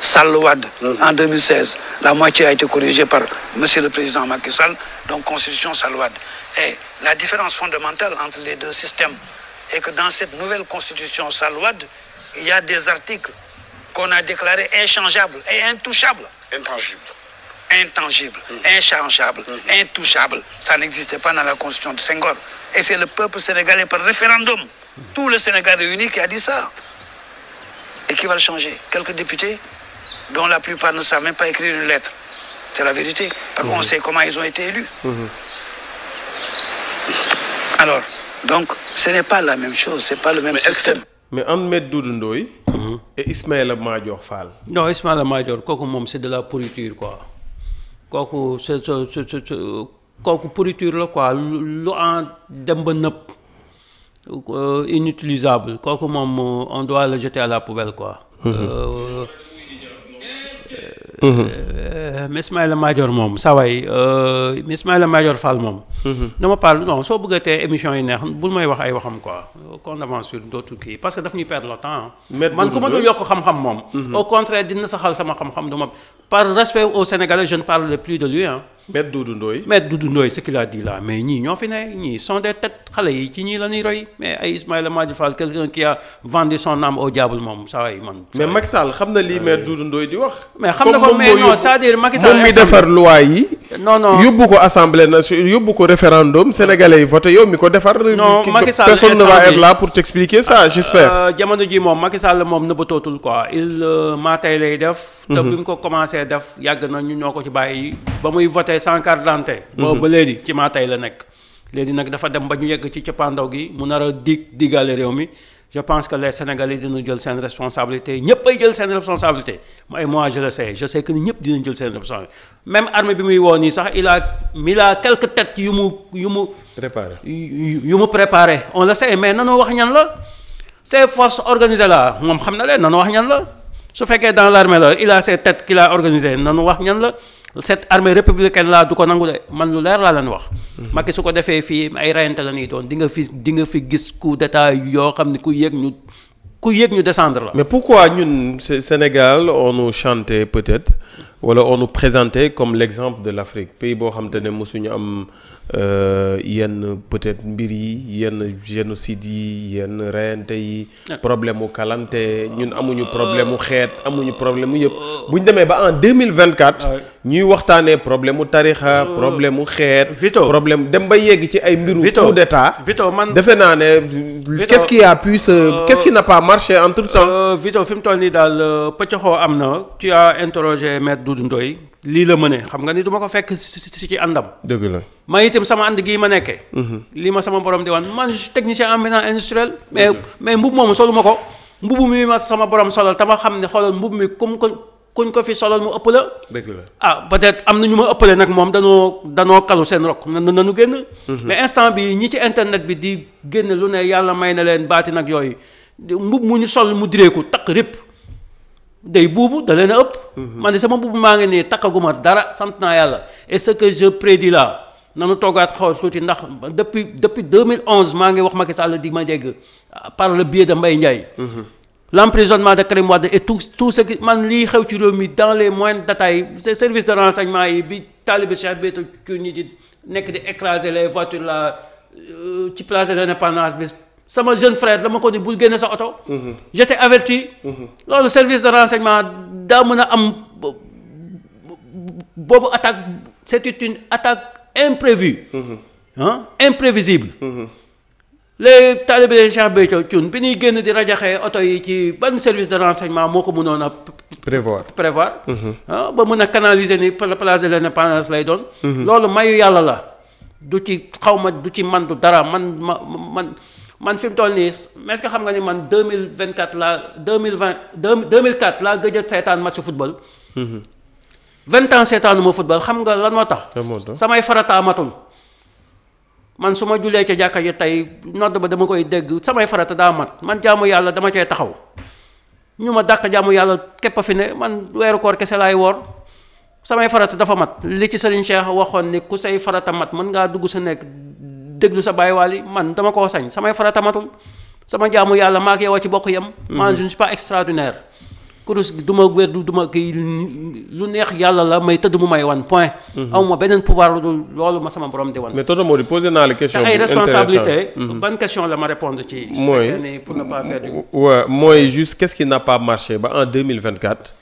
Sall Wade en 2016 la moitié a été corrigée par monsieur le président Macky Sall donc constitution Sall et la différence fondamentale entre les deux systèmes est que dans cette nouvelle constitution Sall il y a des articles qu'on a déclarés inchangeables et intouchables intangibles intangibles mmh. inchangeables mmh. intouchables n'existait pas dans la constitution de Senghor et c'est le peuple sénégalais par référendum tout le Sénégal réuni qui a dit ça et qui va le changer quelques députés dont la plupart ne savent même pas écrire une lettre. C'est la vérité. Parce qu'on mhm. sait comment ils ont été élus. Mhm. Alors, donc, ce n'est pas la même chose, ce pas le même mais système. mais Ahmed Doudou mhm. et Ismaïla Madior Fall. non Ismaïla Madior kooku moom c'est de la pourriture quoi kooku c'est kooku pourriture la quoi lu en dem euh, inutilisable kooku moom on doit le jeter à la poubelle quoi. Euh, Mhm. Euh, euh, mais Ismaïla Madior moom saa waay euh, mais Ismaïla Madior Fall moom. dama mhm. parle non soo bëgg a tee émission yi neex bul may wax ay waxam quoi qu'on avance sur d'autres kii parce que daf ñuy perdre le temps. man ku ma dul yokk xam-xam moom. Mhm. au contraire dina saxal sama xam-xam du ma par respect aux Sénégalais je ne parle plus de lui Maître Doudou Ndoye. Maître Doudou Ndoye ce qu'il a dit là mais ñii ñoo fi ne ñii sont des têtes xale yi ci ñii la ñuy roy mais ay Ismaïla Madior Fall quelqu'un qui a vendu son âme au diable moom saa yi man. mais Macky Sall xam na lii Maître Doudou Ndoye di wax. mais xam na ko mais non c'est-à-dire Macky Sall. moom mi defar loi yi. non non yóbbu ko assemblée nationale yóbbu ko référendum sénégalais yi voté yow mi ko defar. non Macky Sall personne ne va être là pour t'expliquer ça ah, j'espère. Euh, jamono ji moom Macky Sall moom nëbbatootul quoi il euh, maa tey lay def. te mhm. bi mu ko commencé def yàgg na ñu ñoo ko ci bàyyi ba muy voté cent carte d'identité. Mhm. boobu ba léegi ci maa la nekk. léegi nag dafa dem ba ñu yegg ci cappaandaw gi mu nar a dig digale réew mi. je pense que les sénégalais dinañu jël seen responsabilité ñëpp ay jël seen responsabilité mooy moi je le sais je sais que ñëpp dinañ jël seen responsabilité même armée bi muy woo nii sax il a il a quelques yu mu yu mu. préparé yu mu préparé on le sait mais nanoo wax ñan la ces forces organisées là moom xam na leen nanoo wax ñan la su fekkee dans l'armée la il a ces têtes qu'il a nanu wax ñan la. cette armée républicaine laa du ko nangu de man lu leer laa leen wax. Mhm. Macky su ko defee fii ay reyante la ñuy doon di nga fi di nga fi gis coup d'état yoo xam ne ku yéeg ñu ku yéeg ñu descendre la. mais pourquoi ñun Sénégal on nous chanter peut-être. wala on nous présentait comme l'exemple de l'Afrique pays boo xam te ne mosuñu am euh, yenn peut-être mbir yi yenn génocide yi yenn reyante yi problème mu kalante ñun amuñu problème mu euh. xeet amuñu problème mu yëpp bu ñu demee ba en 2024 ah ñuy waxtaanee problème mu tarixa euh. problème mu xeet problème dem ba yegg ci ay mbiru coup d'état Vito man defe naa ne qu'est-ce qui n'a pas marché entre temps Vito fi mu toll nii daal pëccaxoo am na tu as interrogé Doudou Ndoye lii la mënee xam nga ni du ma ko fekk si ci àndam. dëgg la man itam sama ànd gii ma nekkee. Mhm. lii ma sama borom di wan man je suis technicien en maintenance industrielle. mais mais mbubu moomu soluma ko mbubu mi ma sama borom solal te ma xam ne xoolal mbubu mi kuñ ko fi solal mu ëpp la. ah peut-être am na ñu ma ëppale nag moom danoo danoo kalu seen rok na nanu génn. Mhm. mais instant bi ñi ci internet bi di génn lu ne yàlla may na leen baati nag yooyu mbub mu ñu sol mu direeku day buubu da na a ëpp. man mhm. de sama buubu maa ngi nii takkaguma dara sant naa yàlla et ce que je prédis là nanu toogaat xaw tuuti ndax depuis depuis 2011 maa ngi wax Macky Sall di ma dégg par le biais de Mbaye Ndiaye. Mhm. l' emprisonnement de Karim de et tout tout ce qui man lii xew ci réew mi dans les moindres détails service de renseignement yi bi taalibe Cheikh Béthio ñi di nekk di écraser les voitures là euh, ci place de l' indépendance bi. sama jeune frère dama ko ni bul génne sa oto. Mhm. j'étais averti. Mhm. loolu service de renseignement daa mën a am boobu attaque c'est une attaque imprévue. ah imprévisible. les talibé Cheikh Béthio Thioune bi ñuy génn di rajaxee oto yi ci ban service de renseignement moo ko mënoon a. prévoir prévoir. ah ba mën a canaliser ni place de l'indépendance lay doon. loolu mayu yàlla la du ci xaw du ci man du dara man ma man. man fi mu toll nii est-ce xam nga ni man deux mille vingt quatre laa deux mille vingt deux mille quatre laa gëj a seetaan match football. Mhm. vingt ans seetaanu ma football xam nga lan moo tax. samay farataa matul. man su ma julee ca jàkka ji tey nodd ba dama koy dégg samay farata daa mat man jaamu yàlla dama cee taxaw ñu ma dàq jaamu yàlla képp a fi ne man weeru koor kese laay woor samay farata dafa mat li ci Serigne Cheikh waxoon ni ku say farata mat mën ngaa dugg sa nekk. déglu sa bàyyi waali man dama koo sañ samay farata matul sama jaamu yàlla maa ngi yow ci bokk yam mhm. man je ne suis extraordinaire. kurus gi du ma wér du duma kii lu neex yàlla la may tëdd mu may wan point. Mhm. amu ma beneen pouvoir loolu ma sama borom di wan. mais tonton Mody posé naa la question. bu ay responsabilité mhm. ban question la ma répondre ci. mooy pour mooy juste quest n'a pas marché ba en mille vingt quatre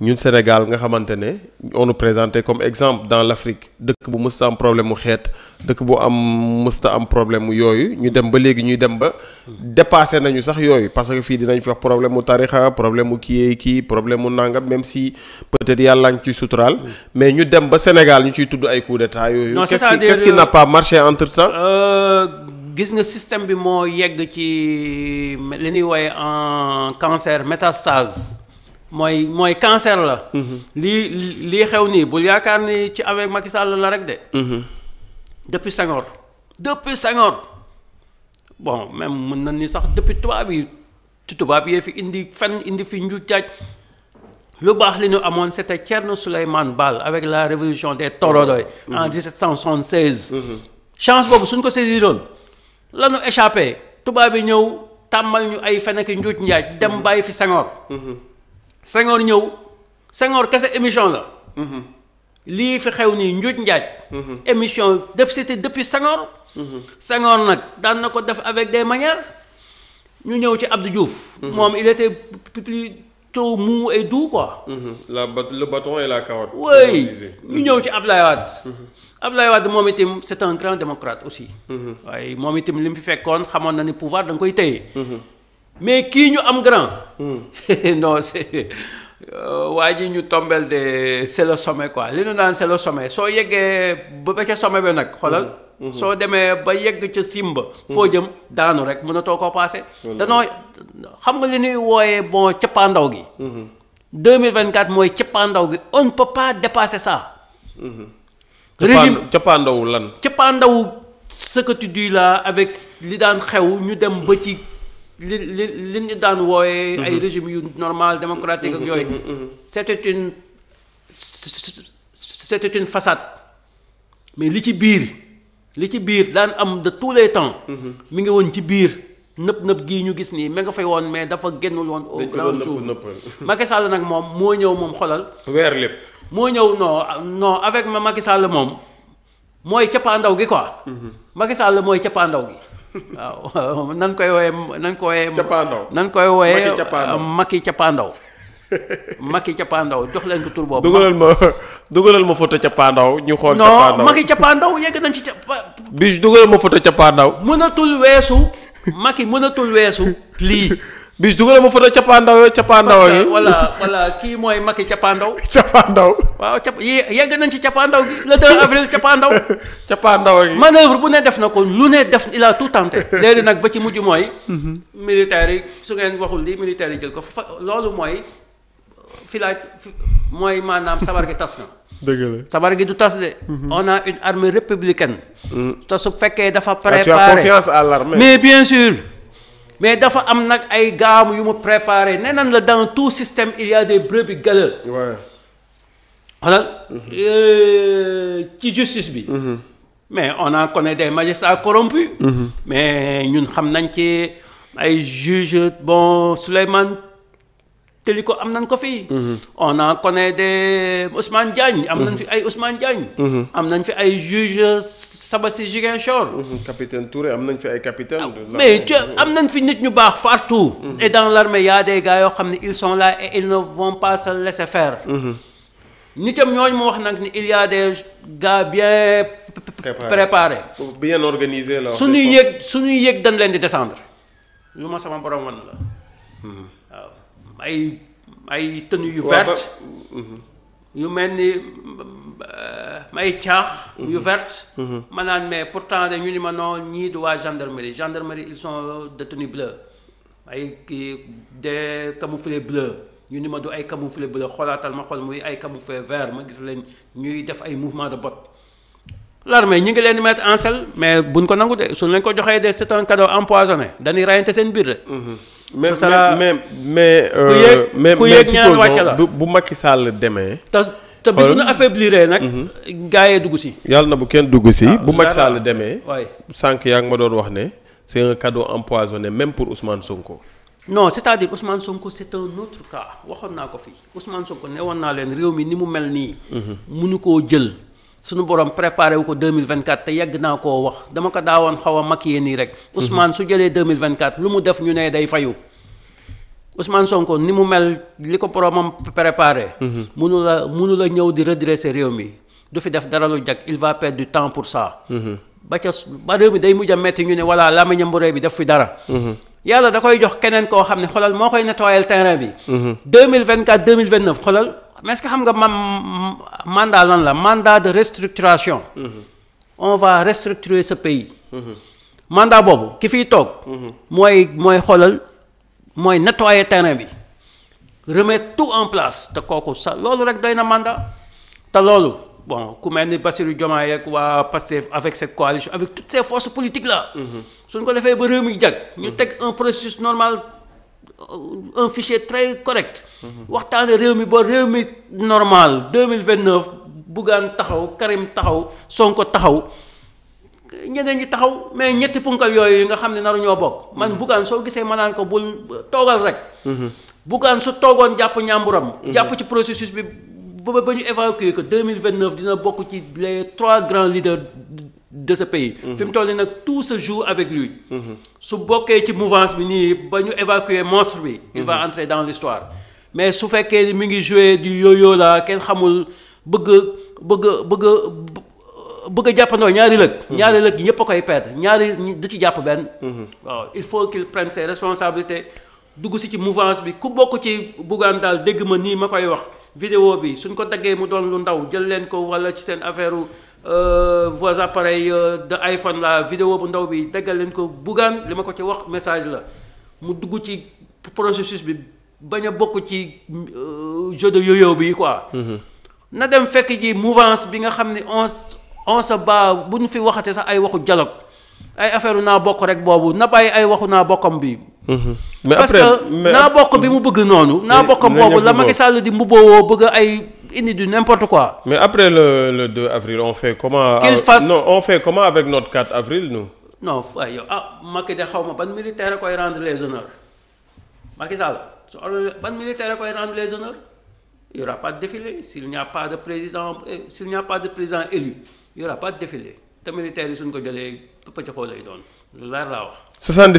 ñun Sénégal nga xamante ne on nous comme exemple dans l'Afrique dëkk bu musta am problème mu xeet dëkk bu am mësta am problème mu yooyu ñu dem ba léegi ñuy dem ba dépassé nañu sax yooyu parce que fii dinañ fi wax problème mu tarixa problème mu kii kii problème mu nangam même si peut-être yàlla ngi ciy suturaal mais ñu dem ba Sénégal ñu ciy tudd ay coup d'état yooyu. non qu'est-ce qui n'a pas marché entre-temps. Euh, gis nga système bi moo yegg ci li ñuy wooye en cancer métastase. mooy mooy cancer la. Mm-hmm. lii lii xew nii bul yaakaar ni ci avec Macky Sall la rek de. Mm-hmm. depuis Senghor. depuis Senghor bon même mën na ni sax depuis tubaab yi ci tubaab yee fi indi fenn indi fi nju jaaj lu baax li ñu amoon c'était Thierno Souleymane ball avec la révolution des Torodoy. en 1776. Mm-hmm. chance boobu suñ ko saisiroon la ñu échappé tubaab yi ñëw tàmmal ñu ay feneen ki njuuj njaaj dem bàyyi fi Senghor. Senghor ñëw Senghor kese émission la. Mhm. lii fi xew nii njuuj njaaj. Mhm. émission def c'était depuis Senghor. Mhm. Senghor nag daan na ko def avec des manières ñu ñëw ci Abdou Diouf. moom il était plutôt mou et doux quoi. la le bâton et la carotte. oui ñu ñëw ci Abdoulaye waat Abdoulaye Wade moom itam c' est un grand démocrate aussi. waaye moom itam li mu fi fekkoon xamoon na ni pouvoir da koy téye. mais kii ñu am grand. Hmm. non c'est euh, waa ji ñu tombel de c'est le sommet quoi li ñu naan c'est le sommet soo yeggee ba ca sommet bi nag xoolal. Hmm. Hmm. soo demee ba yegg ca simba. foo jëm daanu rek mënatoo koo paase. danoo xam nga li ñuy wooye bon cappaandaw gi. 2024 mooy cappaandaw gi on ne peut pas dépasser ça. régime cappaandawu lan. cappaandawu ce que tu dis avec li daan xew ñu dem ba ci. li li li ñu daan wooyee. Mhm. ay régime yu normal démocratique ak mhm. yooyu. Mhm. c'était une c'était une façade mais li ci biir li ci biir daan am de tous les temps. mi ngi woon ci biir nëpp nëpp gii ñu gis nii ma nga fay woon mais dafa génnul woon. au grand jour Macky nag moom moo ñëw moom xolal weer lépp moo ñëw non non avec ma Macky moom mooy cappaandaw gi quoi. Macky Sall mooy cappaandaw gi. waaw uh, nan koy wooyee nan koy wooyee. cappaandaw nan koy wooyee. Macky cappaandaw uh, Macky cappaandaw jox leen ko tur boobu. dugalal ma dugalal ma ca cappaandaw ñu xool. cappaandaw non Macky cappaandaw yegg nañ ci ca. bi dugalal ma photo cappaandaw. mënatul weesu. Macky mënatul weesu lii. bis dugal ma foto cappaandaw yi cappaandaw yi. wala wala kii mooy Macky cappaandaw. cappaandaw. waaw cap yegg nañ ci cappaandaw gi le 2 avril cappaandaw. cappaandaw yi. manœuvre bu ne def na ko lu ne def il a tout tenté. léegi nag ba ci mujj mooy. Mhm. militaires yi su ngeen waxul li militaires yi jël ko fa loolu mooy filaaj mooy maanaam sabar gi tas na. dëgg la sabar gi du tas de. Mhm. on a une armée républicaine. Mm. te su fekkee dafa ah, préparé. tu mais bien sûr. mais dafa am nag ay gaam yu mu préparé nee nan la dans tout système il y a des brebis galeuses. waaw xoolal mm-hmm. euh, ci justice bi. Mm-hmm. mais on a connaît des magistrats corrompus. Mm-hmm. mais ñun xam nañ ci ay juges bon Souleymane. ko am nañ ko fii. Mm-hmm. on en connaît des Ousmane Diagne. am nañ fi mm-hmm. ay Ousmane Diagne. Mm-hmm. am nañ fi ay juge Sabassi Ziguinchor. capitaine Touré am nañ fi ay capitaine. mais am nañ fi nit ñu baax partout. et dans l'armée y a des gars yoo xam ne ils son la et ils ne vont pas se laisser faire. nitam ñooñu mu wax nag ni il y a des gars bien. préparés bien organisés la. su ñuy yëg su ñuy yëg dañ leen di descendre. lu ma sama borom la. ay ay tenue yu verte yu mel ni euh, ay caax yu mhm. verte mhm. ma naan mais pourtant de ñu ni ma non ñii du waa gendarmerie gendarmerie ils sont de tenue bleue ay kii des camouflé bleu ñu ni ma du ay camouflé bleu xoolaatal ma xool muy ay camouflé vert ma gis leen ñuy def ay mouvement de botte l'armée ñu ngi leen di mettre en mais buñ ko nangu de suñ leen ko joxee de c'est un cadeau empoisonné dañuy rayante seen biir de mhm. mais mais euh, mais mais ku yéeg ñaan wàcc la bu makki Sall demee. te te bis bu ñu affaibliree nag. Mhm. gaa yee dugg si. yàlla na bu kenn dugg si ah, bu Macky Sall demee. waay sànq yaa ngi ma doon wax ne. c'est un cadeau empoisonné même pour Ousmane Sonko. non cest à Sonko set un autre cas waxoon naa ko fii usman Sonko ne woon naa leen réew mi ni mu mel nii. Mhm. munu koo jël. suñu borom préparé wu ko 2024 te yegg naa koo wax dama ko daawoon xaw a maquillé nii rek. Mhm. Ousmane su jëlee 2024 lu mu def ñu nee day fayu Ousmane Sonko ni mu mel li ko boromam préparé. Mhm. munu la munu la ñëw di redresser réew mi du fi def dara lu jag il va perdre du temps pour ça. Mhm. ba ca ba day mujj a metti ñu ne voilà làmmiñam bu réew bi def fi dara. Mm-hmm. yàlla da koy jox keneen koo xam ne xoolal moo koy nettoyal terrain bi. 2024 mm-hmm. 2029 xoolal mais est-ce que xam nga man mandat lan la mandat de restructuration. Mm-hmm. on va restructurer sa pays. mandat boobu ki fiy toog. mooy mooy xoolal mooy nettoyer terrain bi. remettre tout en place te kooku sa loolu rek doy na mandat te loolu. bon ku mel ni Bassirou Diomaye ak waa Pastef avec cette coalition avec toutes ces forces politiques là. Mhm. suñ ko defee ba réew mi jag. ñu mhm. teg un processus normal euh, un fichier très correct. Mhm. waxtaane réew mi ba réew mi normal deux mille vingt neuf Bougane taxaw Karim taxaw Sonko taxaw. ñeneen ñi taxaw mais ñetti punkal yooyu nga xam ne naru ñoo bokk man Bougane soo gisee ma naan ko bul toogal rek Bougane su toogoon jàpp ñàmburam jàpp ci processus bi ba ba ñu évacuer que 2029 dina bokk ci les trois grands leaders de ce pays. Mhm. fi mu nag tout se joue avec lui. Mhm. su bokkee ci mouvance bi nii ba ñu évacuer monstre bi. il va mhm. entrer dans l'histoire mais su fekkee ni mi ngi jouer du yo-yo kenn xamul bëgg bëgg bëgg bëgg a jàppandoo ñaari lëg. ñaari lëg ñëpp a koy perdre ñaari du ci jàpp benn. waaw il faut qu'il prenne ses responsabilités. dugg si ci mouvance bi ku bokk ci buggaan daal dégg ma nii ma koy wax vidéo bi suñ ko daggee mu doon lu ndaw jël leen ko wala ci seen affaire euh, voix appareil euh, de iPhone la vidéo bu ndaw bi daggal leen ko buggaan li ma ko ci wax message la mu dugg ci processus bi bañ a bokk ci euh, jeu de yoyo bi quoi mhm. na dem fekk ji mouvance bi nga xam ne on on se bat bu ñu fi waxate sax ay waxu dialogue ay affaire naa bokk rek boobu na bàyyi ay waxu naa bokkam bi Mhm. mais après parce que naa bokk bi mu bëgg noonu. naa bokk boobu la Macky Sall di mbubboo bëgg ay indi du n'importe quoi. mais après le le 2 avril on fait comment. qu'il fasse non on fait comment avec ah, ma ban militaire koy rendre les honneurs Macky Sall su ban militaire koy rendre les honneurs il y aura s'il n'y a pas de président euh, s'il n'y a pas de président élu il y aura te militaire yi suñ ko jëlee pëcc lay doon lu leer laa wax.